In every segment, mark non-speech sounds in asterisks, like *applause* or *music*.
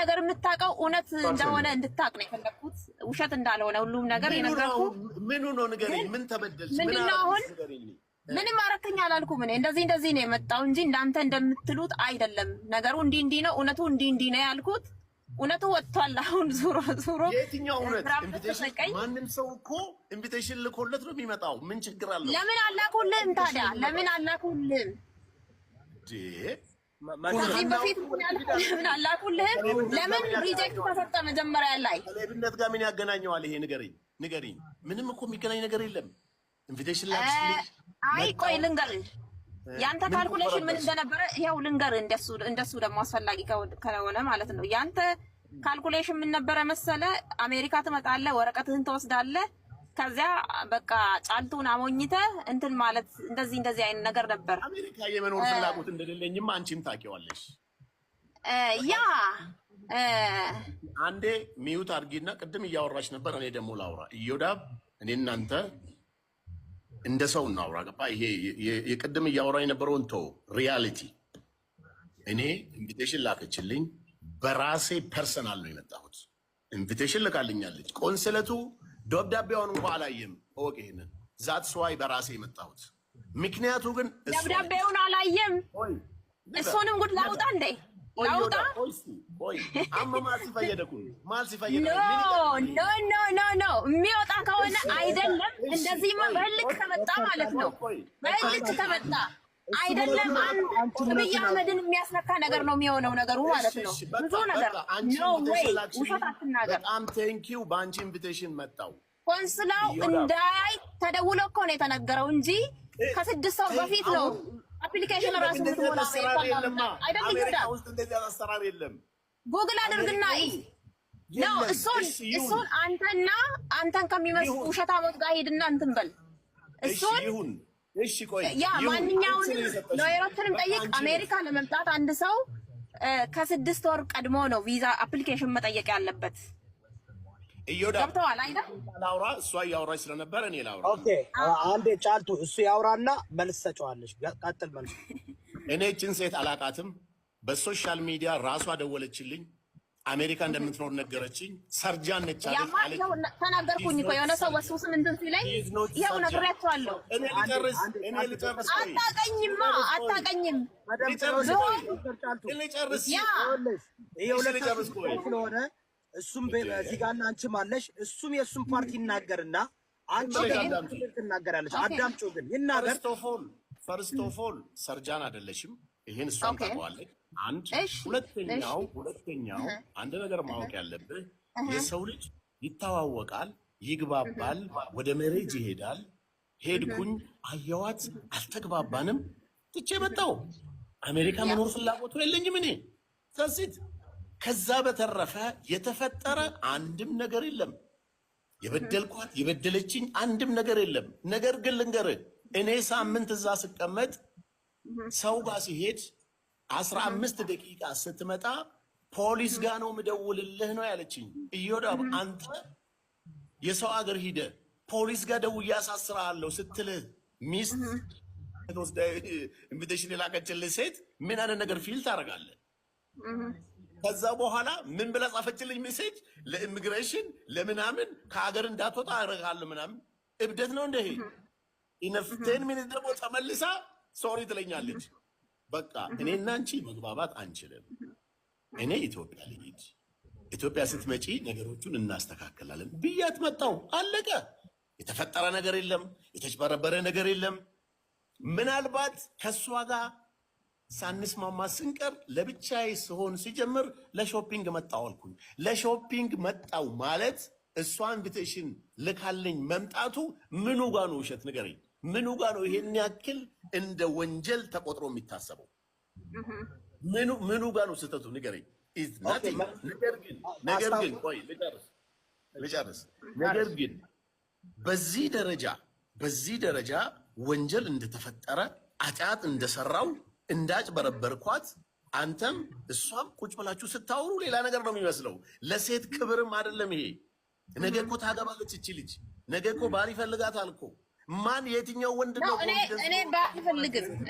ነገር የምታውቀው እውነት እንደሆነ እንድታውቅ ነው የፈለግኩት፣ ውሸት እንዳልሆነ ሁሉም ነገር የነገርኩህ። ምኑ ነው ንገረኝ። ምን ተበደልሽ? ምንድን አሁን? ምንም አረከኝ አላልኩም። እኔ እንደዚህ እንደዚህ ነው የመጣው እንጂ እናንተ እንደምትሉት አይደለም። ነገሩ እንዲህ እንዲህ ነው፣ እውነቱ እንዲህ እንዲህ ነው ያልኩት። እውነቱ ወጥቷል። አሁን ዙሮ *laughs* ዙሮ የትኛው እውነት? ማንም ሰው እኮ ኢንቪቴሽን ልኮለት ነው የሚመጣው። ምን ችግር አለው? ለምን አላኩልም ታዲያ? ለምን አላኩልም? ከዚህ ለምን ሪጀክት ተሰጠ? መጀመሪያ ላይ ከሌብነት ጋር ምን ያገናኘዋል? ይሄ ምንም እኮ የሚገናኝ ነገር የለም። ኢንቪቴሽን አይ ቆይ ልንገርህ፣ ያንተ ካልኩሌሽን ምን እንደነበረ ልንገርህ። እንደሱ እንደሱ ደግሞ አስፈላጊ ከሆነ ማለት ነው። ያንተ ካልኩሌሽን ምን ነበረ መሰለ? አሜሪካ ትመጣለህ፣ ወረቀትህን ትወስዳለህ ከዚያ በቃ ጫልቱን አሞኝተ እንትን ማለት እንደዚህ እንደዚህ አይነት ነገር ነበር። አሜሪካ የመኖር ፍላጎት እንደሌለኝም አንቺም ታውቂዋለሽ። ያ አንዴ ሚዩት አድርጊና ቅድም እያወራች ነበር። እኔ ደግሞ ላውራ እዮዳብ፣ እኔ እናንተ እንደ ሰው እናውራ። ገባ? ይሄ የቅድም እያወራ የነበረውን ተው፣ ሪያሊቲ። እኔ ኢንቪቴሽን ላከችልኝ፣ በራሴ ፐርሰናል ነው የመጣሁት። ኢንቪቴሽን ልካልኛለች ቆንስለቱ ደብዳቤውን እንኳ አላየም። እወቅ ይህንን ዛት ስዋይ በራሴ የመጣሁት ምክንያቱ ግን ደብዳቤውን አላየም። እሱንም ጉድ ላውጣ እንዴ ላውጣ። አመማል ሲፈየደኩኝ ማል ሲፈየደኩኝ ኖ የሚወጣ ከሆነ አይደለም። እንደዚህማ በህልክ ከመጣ ማለት ነው። በህልክ ከመጣ አይደለም አብይ አህመድን የሚያስነካ ነገር ነው የሚሆነው ነገሩ ማለት ነው። ብዙ ነገር ነው ወይ ውሸት አትናገር። በጣም ቴንኪው። በአንቺ ኢንቪቴሽን መጣው ኮንስላው እንዳይ ተደውሎ እኮ ነው የተነገረው እንጂ ከስድስት ሰው eh, በፊት eh, ነው አፕሊኬሽን ራሱ አሰራር የለም። ጉግል አድርግና ነው እሱን እሱን አንተና አንተን ከሚመስሉ ውሸታሞች ጋር ሂድና እንትን በል እሱን እሺ ቆይ ያ ማንኛውንም ሎየሮችንም ጠይቅ። አሜሪካ ለመምጣት አንድ ሰው ከስድስት ወር ቀድሞ ነው ቪዛ አፕሊኬሽን መጠየቅ ያለበት። ገብተዋል አይደል? ላውራ እሷ እያወራች ስለነበረ እኔ ላውራ። ኦኬ አንዴ ጫልቱ፣ እሱ ያውራና መልስ ሰጫዋለች። ቀጥል መልስ። እኔ እችን ሴት አላቃትም። በሶሻል ሚዲያ ራሷ ደወለችልኝ። አሜሪካ እንደምትኖር ነገረችኝ። ሰርጃን ነች ተናገርኩኝ እኮ የሆነ ሰው ወስውስ እንትን ሲለኝ ይኸው ነግሬያቸዋለሁ። እኔ ልጨርስ። አታቀኝማ አታቀኝም። ልጨርስ እሱም እዚህ ጋር እና አንቺም አለሽ። እሱም የእሱም ፓርቲ ይናገርና አንቺ ትናገራለች። አዳምጪው ግን ይናገር። ፈርስት ኦፍ ኦል ሰርጃን አይደለሽም። ይህን እሷም ታውቀዋለች። አንድ ሁለተኛው ሁለተኛው አንድ ነገር ማወቅ ያለብህ የሰው ልጅ ይተዋወቃል፣ ይግባባል፣ ወደ መሬጅ ይሄዳል። ሄድኩኝ፣ አየዋት፣ አልተግባባንም፣ ትቼ የመጣው አሜሪካ መኖር ፍላጎቱ የለኝም እኔ ከዚት ከዛ በተረፈ የተፈጠረ አንድም ነገር የለም። የበደልኳት የበደለችኝ አንድም ነገር የለም። ነገር ግን ልንገርህ እኔ ሳምንት እዛ ስቀመጥ ሰው ጋር ሲሄድ አስራ አምስት ደቂቃ ስትመጣ ፖሊስ ጋ ነው ምደውልልህ ነው ያለችኝ። እዮዳብ አንተ የሰው አገር ሂደ ፖሊስ ጋር ደውዬ አሳስርሃለሁ ስትልህ ሚስት ኢንቪቴሽን የላከችልህ ሴት ምን አይነት ነገር ፊል ታደርጋለህ? ከዛ በኋላ ምን ብላ ጻፈችልኝ? ሜሴጅ ለኢሚግሬሽን ለምናምን ከሀገር እንዳትወጣ አደርግሃለሁ ምናምን። እብደት ነው እንደ ይሄ ኢነፍቴን ሚኒት ደግሞ ተመልሳ ሶሪ ትለኛለች። በቃ እኔና አንቺ መግባባት አንችልም። እኔ ኢትዮጵያ ልሂድ፣ ኢትዮጵያ ስትመጪ ነገሮቹን እናስተካክላለን ብያት መጣው አለቀ። የተፈጠረ ነገር የለም፣ የተጭበረበረ ነገር የለም። ምናልባት ከእሷ ጋር ሳንስማማ ስንቀር ለብቻዬ ስሆን ሲጀምር ለሾፒንግ መጣሁ አልኩኝ። ለሾፒንግ መጣው ማለት እሷ ኢንቪቴሽን ልካለኝ መምጣቱ ምኑ ጋ ነው ውሸት ንገረኝ። ምኑ ጋ ነው ይሄን ያክል እንደ ወንጀል ተቆጥሮ የሚታሰበው? ምኑ ምኑ ጋር ነው ስህተቱ? ንገረኝ። ነገር ግን ነገር ግን ቆይ ልጨርስ። ነገር ግን በዚህ ደረጃ በዚህ ደረጃ ወንጀል እንደተፈጠረ አጢአት እንደሰራው እንዳጭበረበርኳት አንተም እሷም ቁጭ ብላችሁ ስታወሩ ሌላ ነገር ነው የሚመስለው። ለሴት ክብርም አይደለም ይሄ። ነገ እኮ ታገባለች እቺ ልጅ። ነገ እኮ ባል ይፈልጋታል እኮ። ማን የትኛው ወንድ ነው?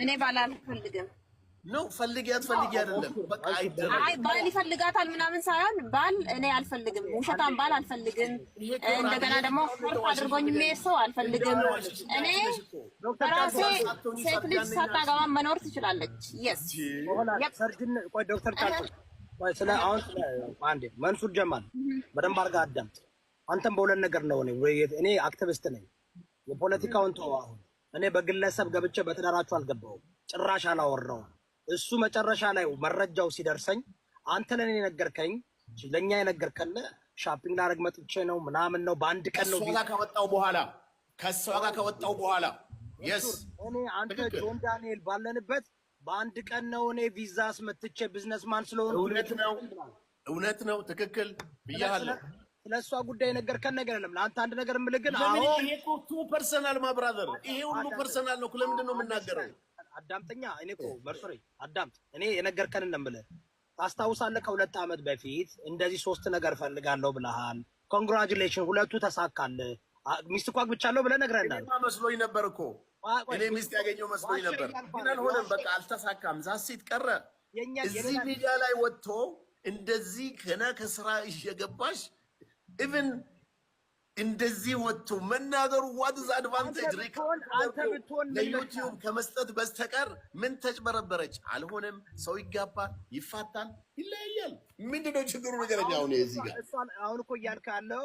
እኔ ባል አልፈልግም። ነው ፈልጊያት ፈልጊ አይደለም። በቃ አይደለም። አይ ባል ይፈልጋታል ምናምን ሳይሆን ባል እኔ አልፈልግም፣ ውሸታም ባል አልፈልግም። እንደገና ደግሞ ፈርት አድርጎኝ የሚሄድ ሰው አልፈልግም። እኔ ራሴ ሴት ልጅ ሳታገባ መኖር ትችላለች። የስ ዶክተር ቆይ ስለ አሁን አንዴ መንሱር ጀማል በደንብ አድርጋ አዳምጥ። አንተም በሁለት ነገር ነው እኔ እኔ አክቲቪስት ነኝ። የፖለቲካውን ተው አሁን እኔ በግለሰብ ገብቼ በትዳራችሁ አልገባሁም፣ ጭራሽ አላወራውም እሱ መጨረሻ ላይ መረጃው ሲደርሰኝ አንተ ለኔ የነገርከኝ ለእኛ የነገርከን ሻፒንግ ላረግ መጥቼ ነው ምናምን ነው በአንድ ቀን ነው ከወጣው በኋላ ከሷ ጋር ከወጣው በኋላ እኔ አንተ ጆን ዳንኤል ባለንበት በአንድ ቀን ነው እኔ ቪዛ አስመትቼ ቢዝነስማን ስለሆነ እውነት ነው እውነት ነው ትክክል ብያለሁ። ስለእሷ ጉዳይ የነገርከን ነገር የለም። ለአንተ አንድ ነገር የምልህ ግን ይሄ ፐርሰናል ማብራዘር ይሄ ሁሉ ፐርሰናል ነው። ለምንድን ነው የምናገረው? አዳምጠኛ እኔ እኮ መርሱሬ አዳምጥ። እኔ የነገርከን እንደምልህ ታስታውሳለህ? ከሁለት ዓመት በፊት እንደዚህ ሶስት ነገር ፈልጋለሁ ብለሃል። ኮንግራጁሌሽን፣ ሁለቱ ተሳካል። ሚስት እኮ አግብቻለሁ ብለህ ነግረናል። መስሎኝ ነበር እኮ እኔ ሚስት ያገኘው መስሎኝ ነበር፣ ግን አልሆነም። በቃ አልተሳካም። ዛሴት ቀረ። እዚህ ሚዲያ ላይ ወጥቶ እንደዚህ ገና ከስራ እየገባሽ ኢቭን እንደዚህ ወጥቶ መናገሩ ዋድዝ አድቫንቴጅ ለዩቲዩብ ከመስጠት በስተቀር ምን ተጭበረበረች? አልሆነም። ሰው ይጋባ ይፋታል፣ ይለያያል። ምንድነው ችግሩ? ነገረኛ አሁን እዚህ ጋር አሁን እኮ እያልክ ያለው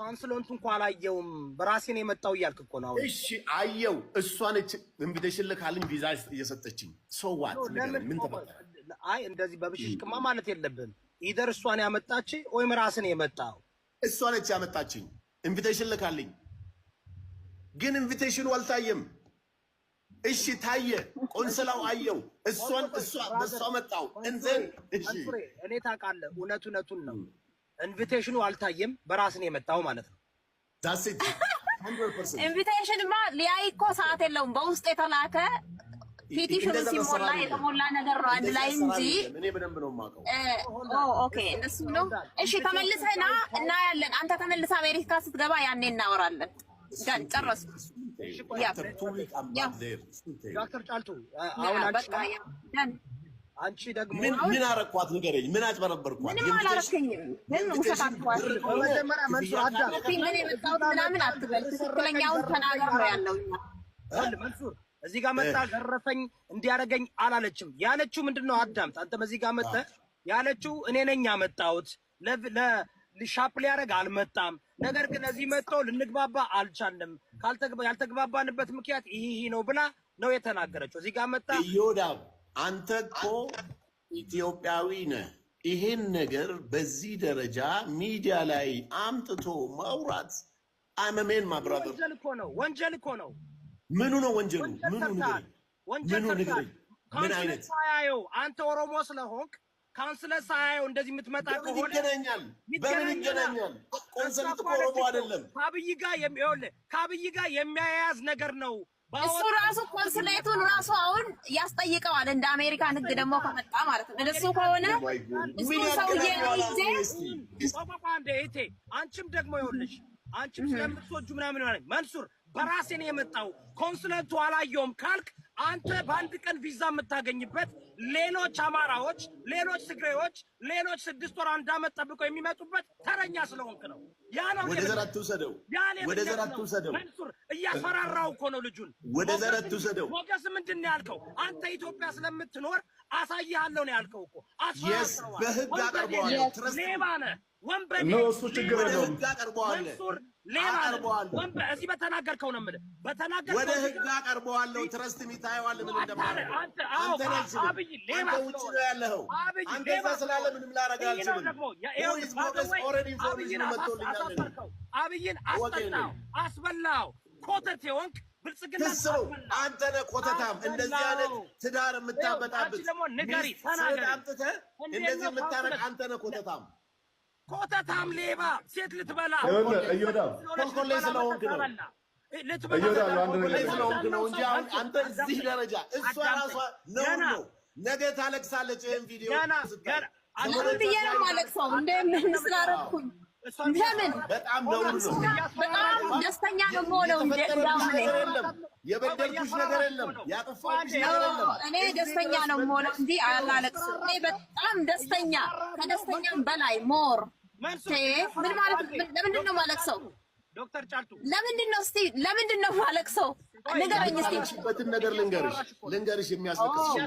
ካውንስሎንቱ እንኳ አላየውም በራሴን የመጣው እያልክ እኮ ነው። እሺ አየው፣ እሷ ነች ኢንቪቴሽን ልካልኝ ቪዛ እየሰጠችኝ። ሰዋት ምን ተፈጠረ? አይ እንደዚህ በብሽሽቅማ ማለት የለብን። ኢደር እሷን ያመጣች ወይም ራስን የመጣው እሷ ነች ያመጣችኝ። ኢንቪቴሽን ልካልኝ፣ ግን ኢንቪቴሽኑ አልታየም። እሺ ታየ፣ ቆንስላው አየው፣ እሷን እሷ በሷ መጣው እንዘን። እሺ እኔ ታውቃለህ፣ እውነት እውነቱን ነው። ኢንቪቴሽኑ አልታየም፣ በራስን የመጣው ማለት ነው። ኢንቪቴሽንማ *laughs* ሊያይ እኮ ሰዓት የለውም። በውስጥ የተላከ ፌቲሽኑ ሲሞላ የተሞላ ነገር ነው አንድ ላይ እንጂ እንደሱ ነው። እሺ ተመልሰና እናያለን። አንተ ተመልሰ አሜሪካ ስትገባ ያኔ እናወራለን። ጨረሱ። ዶክተር ጫልቱ አንቺ ደግሞ ምን አረኳት ንገረኝ። ምን አጭበረበርኳት? ምንም አላረከኝም። ግን ውሸት በመጀመሪያ መልሱ አዳ ምን የመጣሁት ምናምን አትበል። ትክክለኛውን ተናገር ነው ያለው። እዚህ ጋር መጣ ገረፈኝ እንዲያደርገኝ አላለችም። ያለችው ምንድን ነው? አዳምጥ አንተም እዚህ ጋር መጠ ያለችው እኔ ነኝ ያመጣሁት ሻፕ ሊያደርግ አልመጣም። ነገር ግን እዚህ መጥቶ ልንግባባ አልቻለም ያልተግባባንበት ምክንያት ይህ ነው ብላ ነው የተናገረችው። እዚህ ጋር መጣ ዮዳብ አንተ እኮ ኢትዮጵያዊ ነህ። ይሄን ነገር በዚህ ደረጃ ሚዲያ ላይ አምጥቶ ማውራት አመሜን ማብራበር ወንጀል እኮ ነው። ወንጀል እኮ ነው። ምኑ ነው ወንጀሉ? ምኑ ንገረኝ። ምኑ ንገረኝ። ምን አይነት ሳያየው አንተ ኦሮሞ ስለሆንክ ካውንስለር ሳያየው እንደዚህ የምትመጣ ከሆነ ይገናኛል። በምን ይገናኛል? ቆንሰል ኦሮሞ አይደለም። ከአብይ ጋር ይኸውልህ፣ ከአብይ ጋር የሚያያዝ ነገር ነው። እሱ ራሱ ኮንስሌቱን ራሱ አሁን ያስጠይቀዋል። እንደ አሜሪካን ሕግ ደግሞ ከመጣ ማለት ነው። እሱ ከሆነ እሱ ሰውዬ ይዜ አንቺም ደግሞ ይኸውልሽ፣ አንቺም ስለምትወጁ ምናምን ማለት መንሱር በራሴ ነው የመጣው ኮንስለንቱ አላየውም ካልክ አንተ በአንድ ቀን ቪዛ የምታገኝበት ሌሎች አማራዎች፣ ሌሎች ትግሬዎች፣ ሌሎች ስድስት ወር አንድ አመት ጠብቀው የሚመጡበት ተረኛ ስለሆንክ ነው። ያ ነው ወደ ዘር አትውሰደው፣ ወደ ዘር አትውሰደው። መንሱር እያስፈራራው እኮ ነው ልጁን። ወደ ዘር አትውሰደው። ሞገስ ምንድን ነው ያልከው? አንተ ኢትዮጵያ ስለምትኖር አሳይሃለሁ ነው ያልከው እኮ። አስፈራራው። በህግ አቀርበዋለሁ። ሌባ ነህ ወንበዴ እሱ ችግር የለውም። እዚህ በተናገርከው ነው የምልህ። ወደ ህግ አቀርበዋለሁ። ትረስት ሚታየዋል ምን እንደማለት አንተ አብይን አስጠላው፣ አስበላው። ኮተት የሆንክ ብልጽግና አንተ ነህ ኮተታም። እንደዚህ አይነት ትዳር የምታበጣብጥ ስልህ አምጥተህ እንደዚህ የምታረግ አንተ ነህ ኮተታም። ኮተታም ሌባ ሴት ልትበላ ነው እንጂ አንተ እዚህ ደረጃ እሷ ራሷ ነው ነው። ነገ ታለቅሳለች። ቪዲዮ ምን ብዬ ነው የማለቅሰው? ለምን በጣም ነው በጣም ደስተኛ ነው የምሆነው። የበደልኩሽ ነገር የለም፣ ያጠፋሁሽ ነገር የለም። እኔ ደስተኛ ነው የምሆነው እንጂ አላለቅስም። እኔ በጣም ደስተኛ ከደስተኛም በላይ ሞር ምን ማለት ለምንድን ነው ማለት ሰው ዶክተር ጫልቱ ለምንድን ነው እስቲ ለምንድን ነው ማለት ሰው ንገረኝ እስቲ በትን ነገር ልንገርሽ ልንገርሽ የሚያስለቅስሽ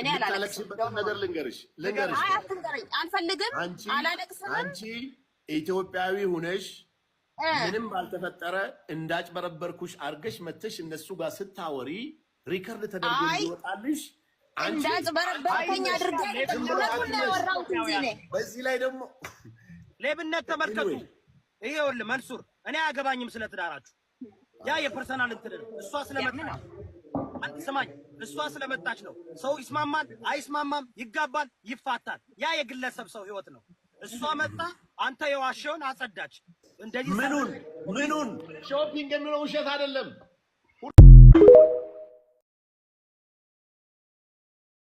እኔ አላለቅስም ነገር ልንገርሽ ልንገርሽ አይ አትንገረኝ አልፈልግም አላለቅስም አንቺ ኢትዮጵያዊ ሁነሽ ምንም ባልተፈጠረ እንዳጭበረበርኩሽ አርገሽ መተሽ እነሱ ጋር ስታወሪ ሪከርድ ተደርጎ ይወጣልሽ እንዳጭበረበርከኝ አድርገህ በዚህ ላይ ደግሞ ሌብነት ተመልከቱ። ይሄ ይኸውልህ መንሱር፣ እኔ አያገባኝም ስለ ትዳራችሁ። ያ የፐርሰናል እንትን ነው። እሷ ስለመጣች አትሰማኝ። እሷ ስለመጣች ነው። ሰው ይስማማል አይስማማም፣ ይጋባል፣ ይፋታል። ያ የግለሰብ ሰው ህይወት ነው። እሷ መጣ፣ አንተ የዋሸውን አጸዳች። እንደዚህ ምኑን ምኑን ሾፒንግ የሚለው ውሸት አይደለም።